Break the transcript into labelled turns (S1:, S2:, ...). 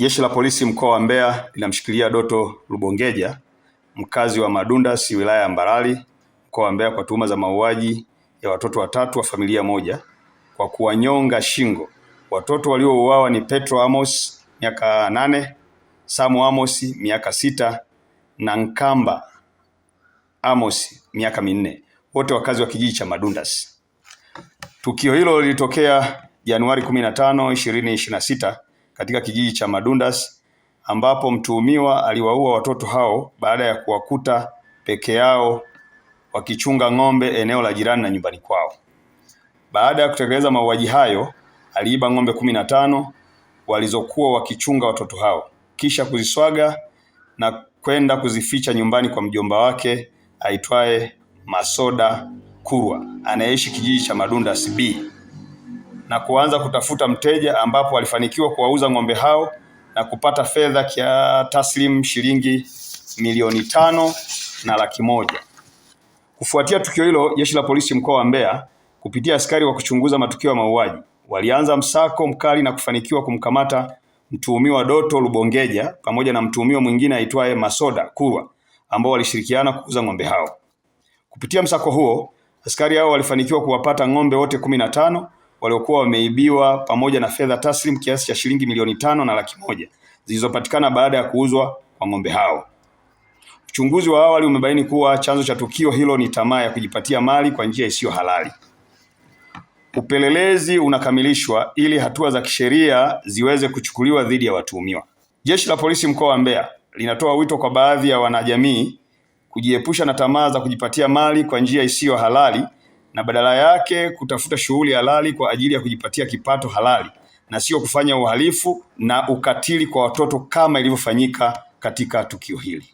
S1: Jeshi la polisi mkoa wa Mbeya linamshikilia Doto Rubongeja mkazi wa Madundasi wilaya ya Mbarali mkoa wa Mbeya kwa tuhuma za mauaji ya watoto watatu wa familia moja kwa kuwanyonga shingo. Watoto waliouawa ni Petro Amos miaka nane, Samu Amos miaka sita na Nkamba Amos miaka minne, wote wakazi wa kijiji cha Madundasi. Tukio hilo lilitokea Januari 15, 2026 katika kijiji cha Madundas ambapo mtuhumiwa aliwaua watoto hao baada ya kuwakuta peke yao wakichunga ng'ombe eneo la jirani na nyumbani kwao. Baada ya kutekeleza mauaji hayo, aliiba ng'ombe kumi na tano walizokuwa wakichunga watoto hao kisha kuziswaga na kwenda kuzificha nyumbani kwa mjomba wake aitwaye Masoda Kurwa anayeishi kijiji cha Madundas B na kuanza kutafuta mteja ambapo alifanikiwa kuwauza ng'ombe hao na kupata fedha kia taslim shilingi milioni tano na laki moja. Kufuatia tukio hilo, jeshi la polisi mkoa wa Mbeya kupitia askari wa kuchunguza matukio ya mauaji walianza msako mkali na kufanikiwa kumkamata mtuhumiwa Doto Lubongeja pamoja na mtuhumiwa mwingine aitwaye Masoda Kurwa ambao walishirikiana kuuza ng'ombe hao. Kupitia msako huo, askari hao walifanikiwa kuwapata ng'ombe wote kumi na tano waliokuwa wameibiwa pamoja na fedha taslim kiasi cha shilingi milioni tano na laki moja zilizopatikana baada ya kuuzwa kwa ng'ombe hao. Uchunguzi wa awali umebaini kuwa chanzo cha tukio hilo ni tamaa ya kujipatia mali kwa njia isiyo halali. Upelelezi unakamilishwa ili hatua za kisheria ziweze kuchukuliwa dhidi ya watuhumiwa. Jeshi la Polisi mkoa wa Mbeya linatoa wito kwa baadhi ya wanajamii kujiepusha na tamaa za kujipatia mali kwa njia isiyo halali na badala yake kutafuta shughuli halali kwa ajili ya kujipatia kipato halali na sio kufanya uhalifu na ukatili kwa watoto kama ilivyofanyika katika tukio hili.